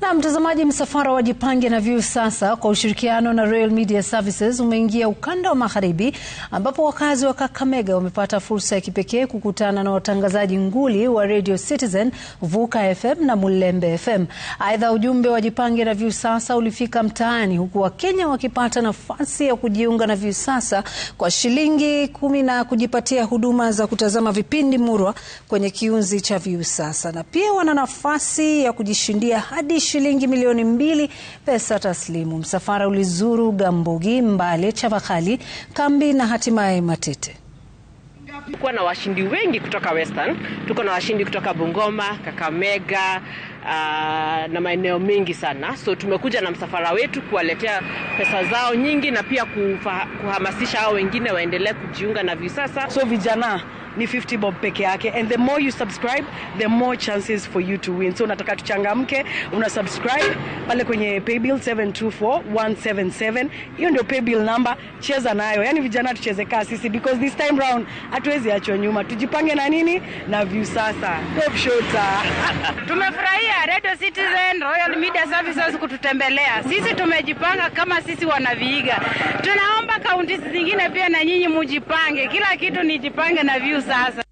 Na mtazamaji, msafara wa Jipange na View sasa kwa ushirikiano na Royal Media Services umeingia ukanda wa magharibi ambapo wakazi wa Kakamega wamepata fursa ya kipekee kukutana na watangazaji nguli wa Radio Citizen, Vuka FM na Mulembe FM. Aidha, ujumbe wa Jipange na View sasa ulifika mtaani huku Wakenya wakipata nafasi ya kujiunga na View sasa kwa shilingi kumi na kujipatia huduma za kutazama vipindi murwa kwenye kiunzi cha View sasa, na pia wana nafasi ya kujishindia hadi shilingi milioni mbili pesa taslimu. Msafara ulizuru Gambogi, Mbale, Chavakali, Kambi na hatimaye Matete. Kuwa na washindi wengi kutoka Western, tuko na washindi kutoka Bungoma, Kakamega uh, na maeneo mengi sana. So tumekuja na msafara wetu kuwaletea pesa zao nyingi na pia kufa, kuhamasisha hao wengine waendelee kujiunga na Viusasa. So vijana ni 50 bob peke yake and the more you subscribe the more chances for you to win. So unataka tuchangamke, una subscribe pale kwenye paybill 724177 hiyo ndio paybill number, cheza nayo. Yani vijana tucheze kaa sisi, because this time round hatuwezi achwa nyuma, tujipange na nini na view sasa top shota tumefurahia ya Radio Citizen Royal Media Services kututembelea. Sisi tumejipanga kama sisi wanaviiga. Tunaomba kaunti zingine pia na nyinyi mujipange. Kila kitu nijipange na view sasa.